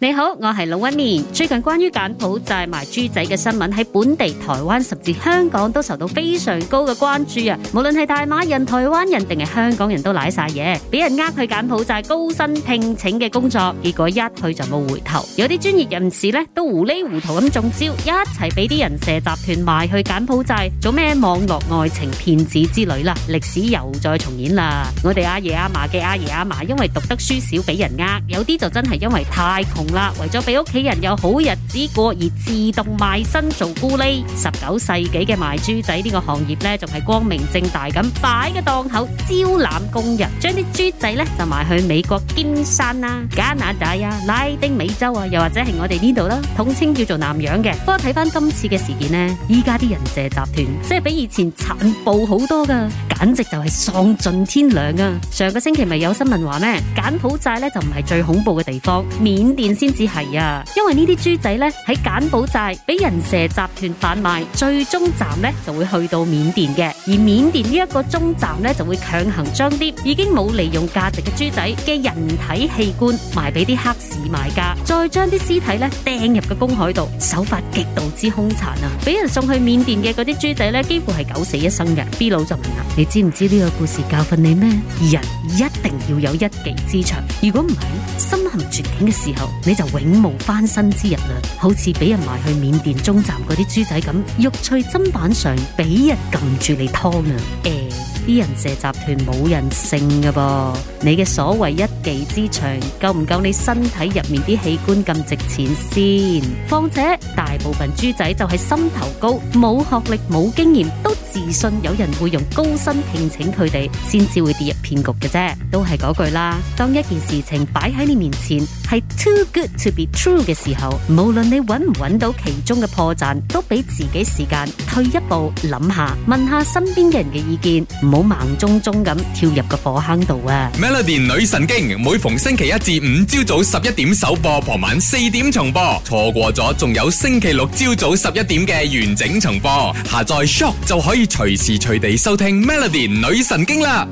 你好，我係老屈年。最近關於柬埔寨賣豬仔嘅新聞喺本地、台灣甚至香港都受到非常高嘅關注啊！無論係大馬人、台灣人定係香港人都瀨晒嘢，俾人呃去柬埔寨高薪聘請嘅工作，結果一去就冇回頭。有啲專業人士呢都糊裏糊塗咁中招，一齊俾啲人蛇集團賣去柬埔寨做咩網絡愛情騙子之類啦。歷史又再重演啦！我哋阿爺阿嫲嘅阿爺阿嫲，因為讀得書少，俾人呃；有啲就真係因為太窮啦，為咗俾屋企人有好日子過而自動賣身做咕喱。十九世紀嘅賣豬仔呢個行業呢，仲係光明正大咁擺個檔口招攬工人，將啲豬仔呢就賣去美國、金山啦、啊、加拿大呀、啊、拉丁美洲啊，又或者係我哋呢度啦，統稱叫做南洋嘅。不過睇返今次嘅事件呢，依家啲人蛇集團即係比以前殘暴好多噶，簡直就係喪盡天良啊！上個星期咪有新聞話咩？柬埔寨呢就唔係最恐怖嘅地方，緬甸先至係啊，因為呢啲豬仔咧，喺柬埔寨俾人蛇集團販賣，最終站咧，就會去到緬甸嘅。而緬甸呢一個中站咧，就會強行將啲已經冇利用價值嘅豬仔嘅人體器官賣俾啲黑市買家，再將啲屍體咧掟入個公海度，手法極度之兇殘啊！俾人送去緬甸嘅嗰啲豬仔咧，幾乎係九死一生嘅。B 佬就問啦：噏，你知唔知呢個故事教訓你咩？人一定要有一技之長。如果唔係深陷絕境嘅時候，你就永無翻身之日啦。好似俾人賣去緬甸中站啲豬仔咁，肉脆砧板上俾人撳住嚟劏啊！誒、欸，啲人蛇集團冇人性噶噃，你嘅所謂一技之長夠唔夠你身體入面啲器官咁值錢先？況且大部分豬仔就係心頭高，冇學歷，冇經驗都。自信有人會用高薪聘請佢哋，先至會跌入騙局嘅啫。都係嗰句啦，當一件事情擺喺你面前，係 too good to be true 嘅時候，無論你揾唔揾到其中嘅破綻，都俾自己時間退一步諗下，問下身邊嘅人嘅意見，唔好盲中中咁跳入個火坑度啊！Melody 女神經每逢星期一至五朝早十一點首播，傍晚四點重播，錯過咗仲有星期六朝早十一點嘅完整重播，下載 Shock 就可以隨時隨地收聽 Melody 女神經啦。